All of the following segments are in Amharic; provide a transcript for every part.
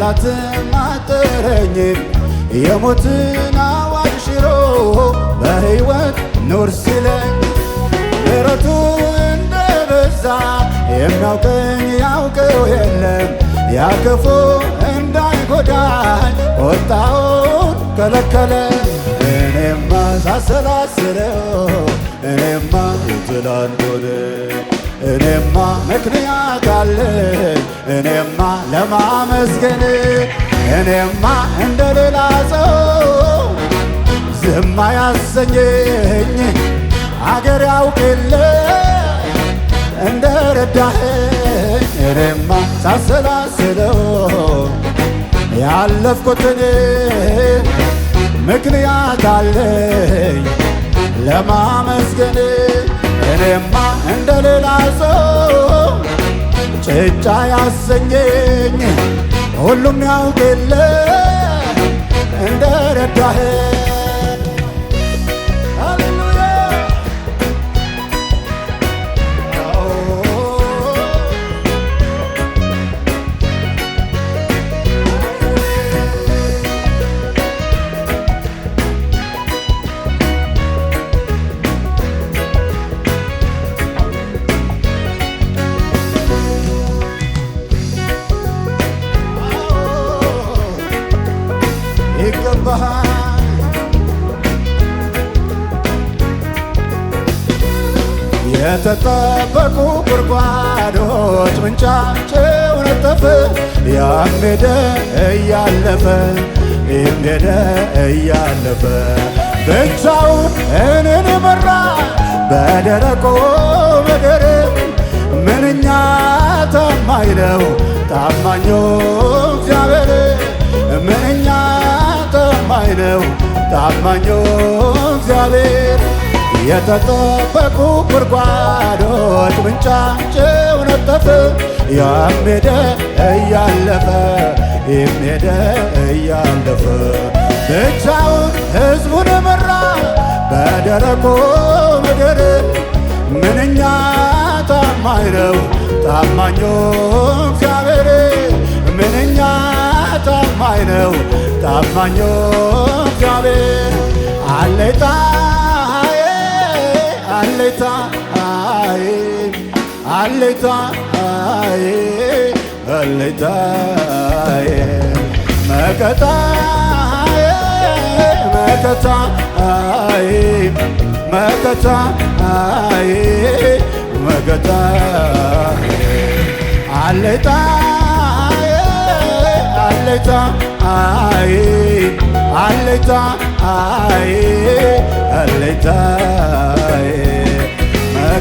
ጠላት ማጠረኝ የሞትን አዋጅ ሽሮ በሕይወት ኑር ሲለኝ ምሕረቱ እንደበዛ የሚያውቀኝ ያውቀው የለም ያ ክፉ እንዳይጎዳኝ ቁጣውን ከለከለ። እኔማ ሳሰላስለው እኔማ የትላንት እኔማ ምክንያት አለኝ እኔማ ለማመስገን እኔማ እንደ ሌላ ሰው ዝማ ያሰኘኝ አገር ያውቅ የለ እንደ ረዳኸኝ እኔማ ሳሰላስለው ያለፍኩትን ምክንያት አለኝ ለማመስገን እኔማ እንደ ሌላ ሰው ጭጫ ያሰኘኝ ሁሉም ያውቅ የለ እንደረዳህ የተጠበቁ ጉድጓዶች ምንጫቸው ነጠፈ። ያም ሄደ እያለፈ ይህም ሄደ እያለፈ ብቻውን እኔን መራ በደረቆ ምድር ምንኛ ታማኝ ነው ታማኙ እግዚአብሔር ምንኛ ታማኝ ነው ታማኙ እግዚአብሔር የተጠበቁ ጉድጓዶች ምንጫንጭው ነጠፍ ያም ሄደ እያለፈ ይህም ሄደ እያለፈ ብቻውን ሕዝቡን መራ በደረቁ ምድር ምንኛ ታማኝ ነው ታማኙ እግዚአብሔር ምንኛ ታማኝ ነው ታማኙ እግዚአብሔር አለይታ አለታ አለታ አለታ መከታ መከታ መከታ መከታ አለታ አለታ አለታ አለታ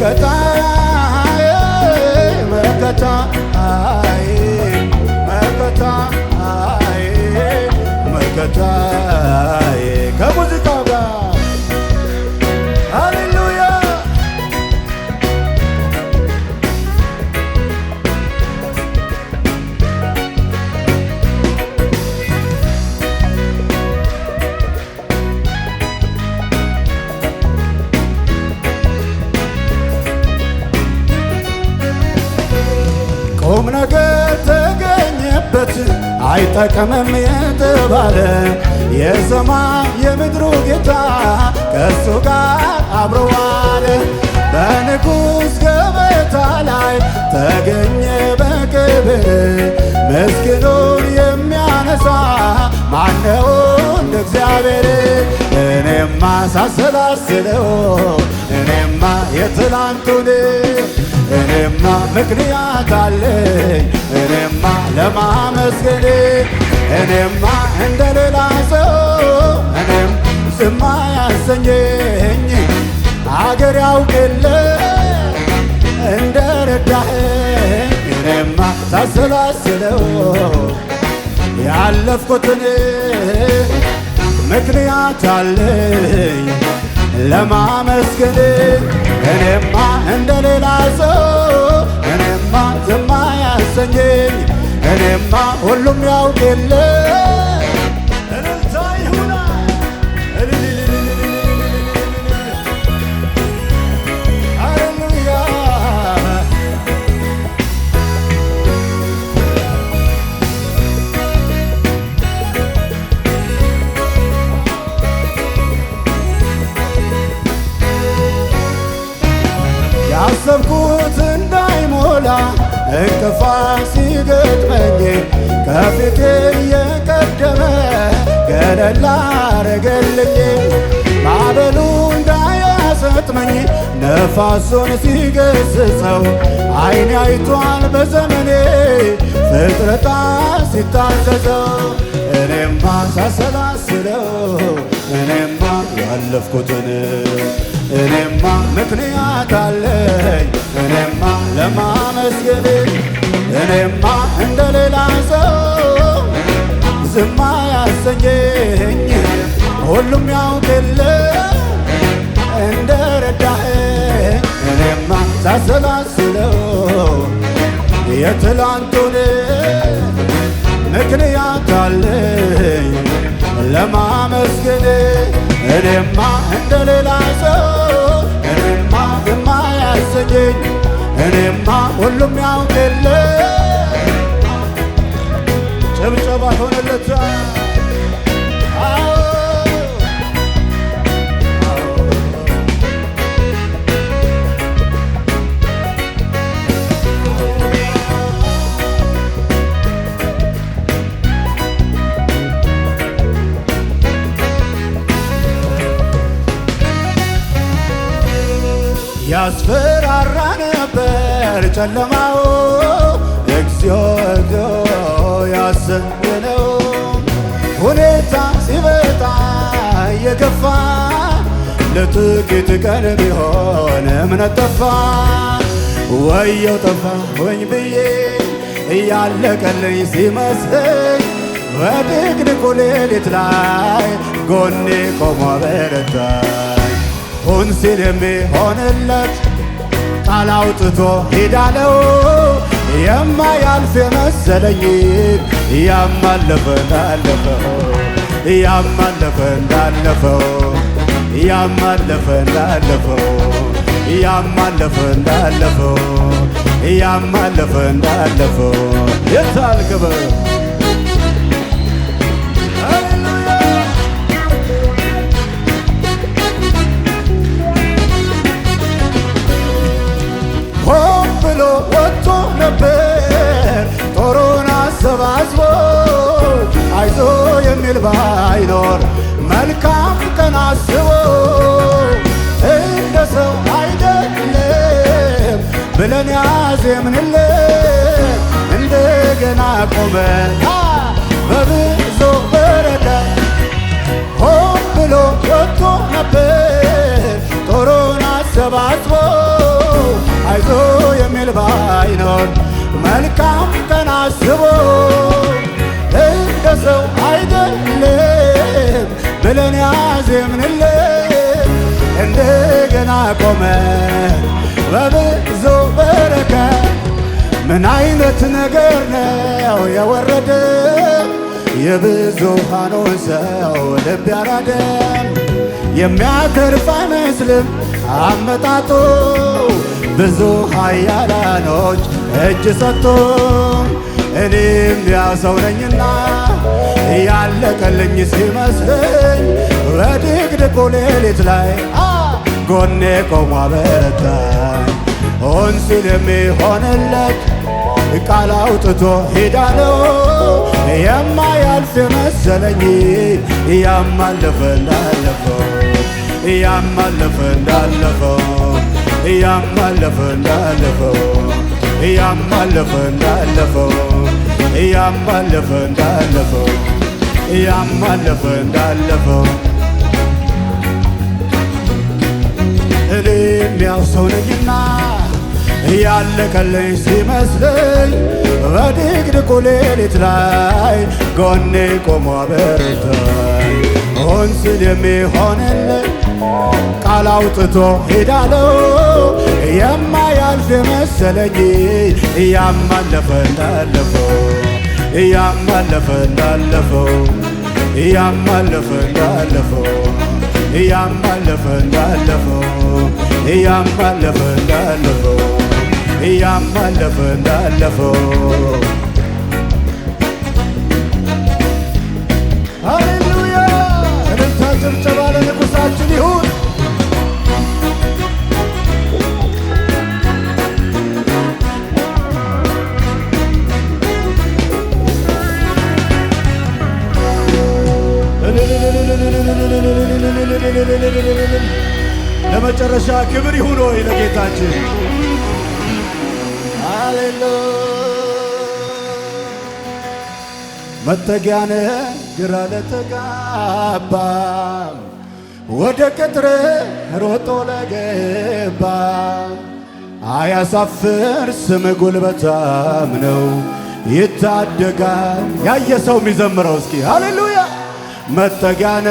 መከታ መከታ መከታ መከታ አይጠቀምም የተባለ የሰማይ የምድሩ ጌታ ከእሱ ጋር አብረዋለ። በንጉሥ ገበታ ላይ ተገኘ በክብር ምስኪኑን የሚያነሳ ማነው እንደ እግዚአብሔር? እኔማ ሳሰላስለው እኔማ የትላንቱን እኔማ ምክንያት አለኝ እኔማ ለማመስገን እኔማ እንደ ሌላ ሰው እኔም ዝማ ያሰኘኝ አገር ያውቅል እንደ ረዳኸኝ እኔማ ሳሰላስለው ያለፍኩትን ምክንያት አለኝ ለማመስገኔ እኔማ እንደሌላ ሌላ ሰው እኔማ ዝም አያሰኘኝ እኔማ ሁሉም ያውቅ የለ ነፋሱን ሲገስጸው ዓይኔ አይቷል በዘመኔ ፍጥረታ ሲታዘዘው እኔማ ሳሰላስለው እኔማ ያለፍኩትን እኔማ ምክንያት አለኝ እኔማ ለማመስገን እኔማ እንደሌላ ሌላ ሰው ዝም አያሰኘኝ ሁሉም ያውቅልህ እንደረ እኔማ ሳሰላስለው የትላንቱን ምክንያት አለኝ ለማመስገን እኔማ እንደሌላ ሌላ ሰው እኔማ የማያሰኘኝ እኔማ ሁሉም ያውቅ የለ ጭብጨባ ሆነለታ ያስፈራራ ነበር ጨለማው እግዚኦ እግዚኦ ያሰኘነው ሁኔታ ሲበጣ እየገፋ ለጥቂት ቀን ቢሆን እምነት ጠፋ ወየው ጠፋሁኝ ብዬ እያለቀልኝ ሲመስለኝ በድቅድቁ ሌሊት ላይ ጎኔ ቆሞ በረታ ሁን ሲል የሚሆንለት ቃል አውጥቶ ሂዳለው የማያልፍ የመሰለኝ ያማለፈ እንዳለፈው ያማለፈ እንዳለፈው ያማለፈ እንዳለፈው ያማለፈ እንዳለፈው ያማለፈ እንዳለፈው የታልክበ ተሰባስቦ አይዞ የሚል ባይኖር መልካም ቀን አስቦ እንደ ሰው አይደለም ብለን ያዜምንለት እንደገና ቆመን በብዙ በረከት ሆን ብሎ ወጥቶ ነበር ጦሩን አሰባስቦ አይዞ የሚል ባይኖር መልካም ቀን አስቦ ብለን ያዜምንልን እንደገና ቆመ በብዙ በረከት። ምን አይነት ነገር ነው የወረደ የብዙሃኑን ሰው ልብ ያራደም የሚያተርፍ አይመስልም አመጣጡ ብዙ ኃያላኖች እጅ እኔም ያለቀልኝ ሲመስል በድቅድቁ ሌሊት ላይ ጎኔ ቆሞ አበረታኝ ሆን ሲል የሚሆንለት ቃል አውጥቶ ነው የማያልፍ መሰለኝ እያማለፈ እንዳለፈው እያማለፈ እንዳለፈው እያማለፈ እንዳለፈው ያም አለፈ እንዳለፈው ያም አለፈ እንዳለፈው ያም አለፈ እንዳለፈው እኔም ያው ነኝና ያለቀለኝ ሲመስለኝ በድቅድቁ ሌሊት ላይ ጎኔ ቆሞ አበረታኝ ሆን ስል የሚሆንልኝ ቃል አውጥቶ ሄዳለው የማያልፍ መሰለኝ እያማለፈ እንዳለፈው እያማለፈ እንዳለፈው እያማለፈ እንዳለፈው እያማለፈ እንዳለፈው እያማለፈ እንዳለፈው እያማለፈ እንዳለፈው መጠጊያነ ግራ ለተጋባ ወደ ቅጥር ሮጦ ለገባ አያሳፍር ስም ጉልበታም ነው ይታደጋል። ያየ ሰው የሚዘምረው እስኪ ሃሌሉያ መጠጊያነ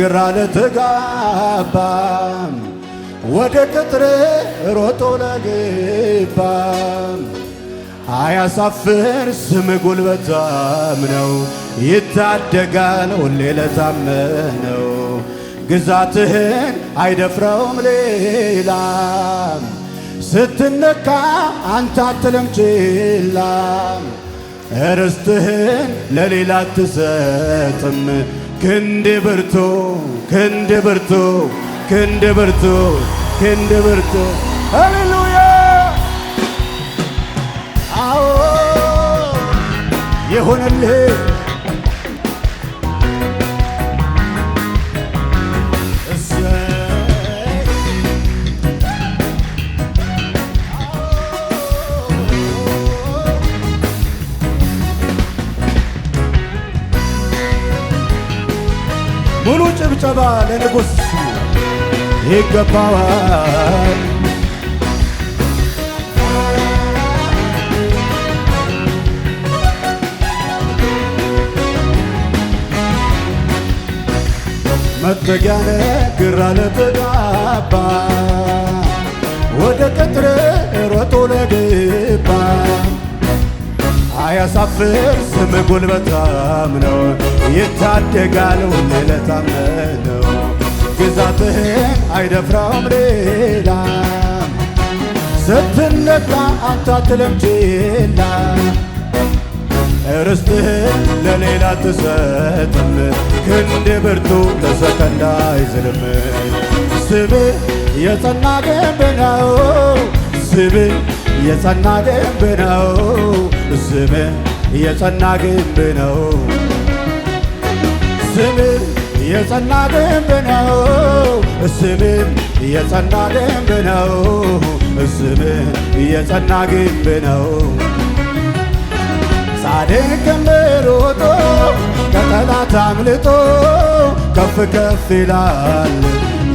ግራ ለተጋባ ወደ ቅጥር ሮጦ ለገባ አያሳፍር ስም ጉልበታም ነው፣ ይታደጋል ሁሌ ለታመነው። ግዛትህን አይደፍረውም ሌላ፣ ስትነካ አንተ አትልም ችላ። ርስትህን ለሌላ አትሰጥም። ክንድ ብርቱ ክንድ ብርቱ ክንድ ብርቱ ክንድ ብርቱ የሆነልህ ሙሉ ጭብጨባ ለንጉሥ ይገባዋል። መጠጊያነ ግራ ለተጋባ ወደ ቅጥር ሮጦ ለገባ አያሳፍር ስም ጉልበታም ነው ይታደጋል ሁሌ ለታመነው ግዛትህን አይደፍራውም ሌላ ስትነታ አንተ ርስትህን ለሌላ ትሰጥም ክንድ ብርቱ ለሰከንዳ አይዝልም። ስምህ የጸና ግንብ ነው። ስምህ የጸና ግንብ ነው። ስምህ የጸና ግንብ ነው። ስምህ የጸና ግንብ ነው። ስምህ የጸና ግንብ ነው። ስምህ የጸና ግንብ ነው። ጻድቅ ቀንበር ወጦ ከጠላት አምልጦ ከፍ ከፍ ይላል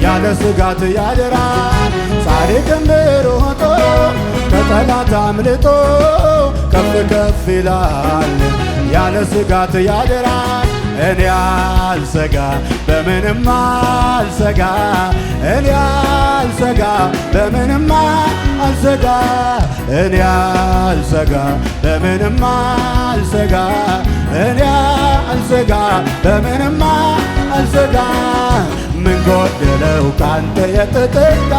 ያለ ስጋት ያድራል። ጻድቅ ቀንበር ወጦ ከጠላት አምልጦ ከፍ ከፍ ይላል ያለ ስጋት ያደራ እኔ አልሰጋ በምንም አልሰጋ እኔ አልሰጋ በምንም አልሰጋ እኔ አልሰጋ በምንም አልሰጋ እኔ አልሰጋ በምንም አልሰጋ ምን ጎደለው ካንተ የተጠጋ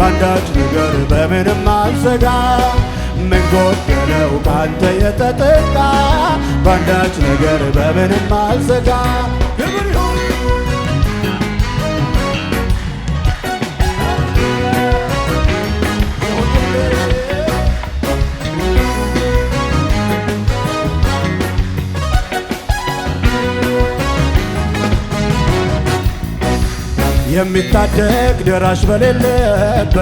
ባንዳች ነገር በምንም አልሰጋ ጎደለው ካንተ የተጠጋ ባንዳች ነገር በምንም አልዘጋ የሚታደግ ደራሽ በሌለበት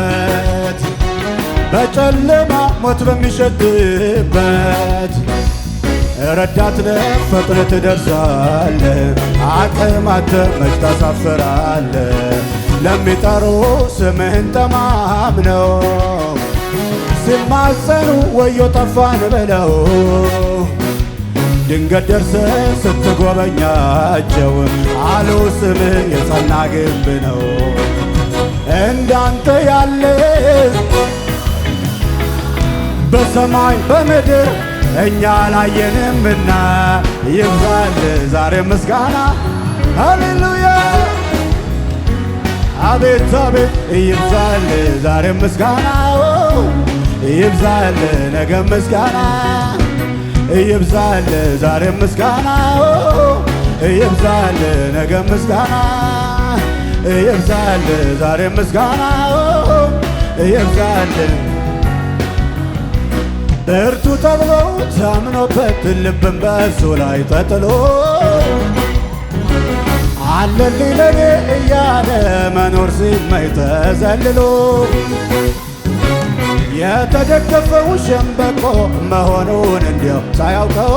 ከጨለማ ሞት በሚሸትበት ረዳት ነህ ፈጥነህ ትደርሳለህ። አቅም መች ታሳፍራለህ። ለሚጠሩ ስምህን ተማምነው ሲማጸኑ ወዮ ጠፋን ብለው ድንገት ደርሰ ስትጎበኛቸው አሉ ስምህ የጸና ግንብ ነው እንዳንተ ያለ በሰማይ በምድር እኛ አላየንምና ይባል ዛሬ ምስጋና ሃሌሉያ አቤት አቤት ይብዛል ዛሬ ምስጋና ይብዛል ነገ ምስጋና ይብዛል ዛሬ ምስጋና ይብዛል ነገ ምስጋና ይብዛል ዛሬ ምስጋና ይብዛል በርቱ ተብሎ ታምኖበት ልብን በእሱ ላይ ተጥሎ አለልኝ ለኔ እያለ መኖር ሲመኝ ተዘልሎ የተደገፈው ሸምበቆ መሆኑን እንዲያው ሳያውቀው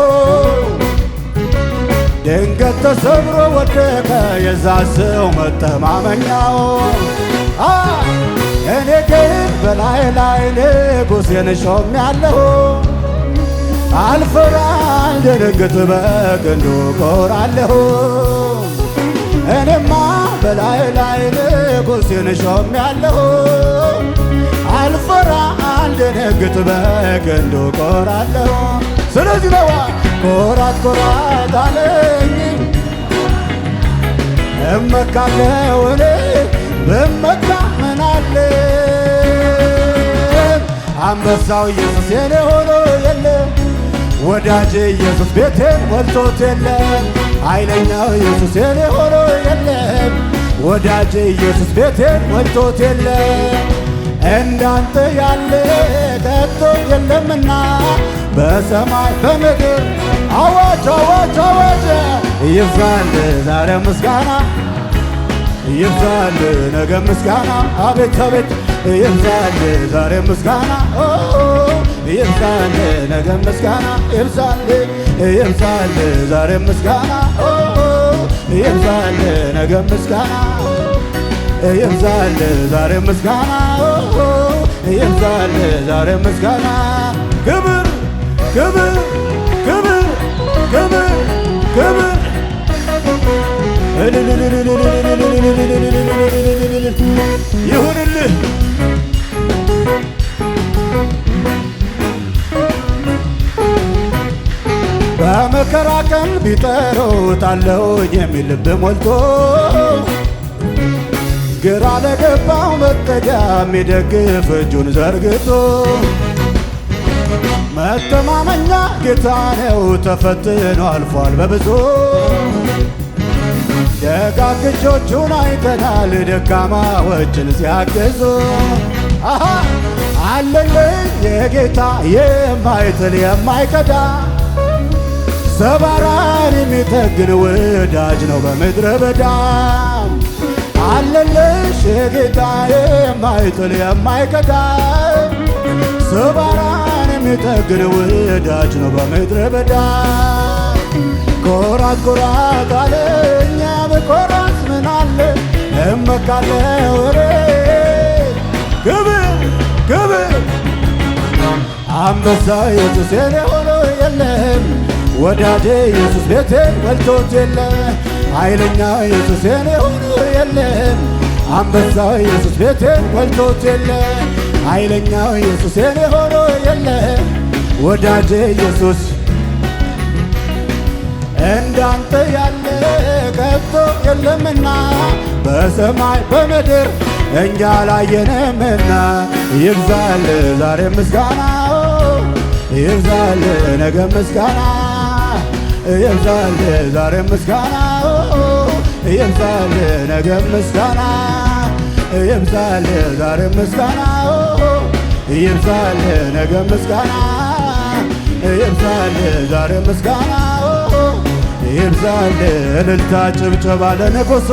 ድንገት ተሰብሮ ወደቀ የዛ ሰው መተማመኛው እኔ በላይ ላይ ንጉሴን ሾም ያለሁ አልፈራም ድንግጥ በግንዱ ቆራለሁ። እኔማ በላይ ላይ ንጉሴን ሾም ያለሁ አልፈራም ድንግጥ በግንዱ ስለዚህ ነዋ ቆራት ቆራት አለኝ እመካለሁ እኔ በመካ ምናለ አንበሳው ኢየሱስ የኔ ሆኖ የለ ወዳጄ ኢየሱስ ቤቴን ሞልቶት የለ ኃይለኛው ኢየሱስ የኔ ሆኖ የለ። ወዳጄ ኢየሱስ ቤቴን ሞልቶት የለ እንዳንተ ያለ ከቶ የለምና በሰማይ በምድር አዋጅ አዋጅ አዋጅ ይብዛል ዛሬ ምስጋና ይብዛል ነገ ምስጋና አቤት አቤት ይብዛል ዛሬ ምስጋና ይብዛል ነገ ምስጋና ይብዛል ይብዛል ዛሬ ምስጋና ይብዛል ነገ ምስጋና ይብዛል ዛሬ ምስጋና ይብዛል ዛሬ ምስጋና ክብር ክብር ክብር ክብር ክብር ይሁንልህ በመከራ ቀን ቢጠሩት አለሁኝ የሚል ልብ ሞልቶ ግራ ለገባው መጠጊያ የሚደግፍ እጁን ዘርግቶ መተማመኛ ጌታ ነው ተፈትኖ አልፏል በብዙ ደጋግ እጆቹን አይተናል ደካማዎችን ሲያግዙ አለልኝ የጌታ የማይትል የማይከዳ ሰባራን የሚጠግን ወዳጅ ነው በምድረ በዳ አለለሽ የጌታ የማይጥል የማይከዳ ሰባራን የሚጠግን ወዳጅ ነው በምድረ በዳ ኮራት ኮራት አለ እኛ በኮራት ምን አለ እመካለ ወሬ ግብር ግብር አንበሳ የሱሴን ሆኖ የለም ወዳጄ ኢየሱስ ቤቴ በልቶት የለ ኃይለኛ ኢየሱስ የኔ ሆኖ የለም አንበሳ ኢየሱስ ቤቴ በልቶት የለ ኃይለኛ ኢየሱስ የኔ ሆኖ የለም ወዳጄ ኢየሱስ እንዳንተ ያለ ከቶ የለምና በሰማይ በምድር እኛ ላየንምና ይብዛል ዛሬ ምስጋና ይብዛል ነገ ምስጋና ይብዛል ዛሬ ምስጋና ይብዛል ነገ ምስጋና ይብዛል ዛሬ ምስጋና ይብዛል ነገ ምስጋና ይብዛል ዛሬ ምስጋና ይብዛል እልልታ ጭብጨባ ለንጉሡ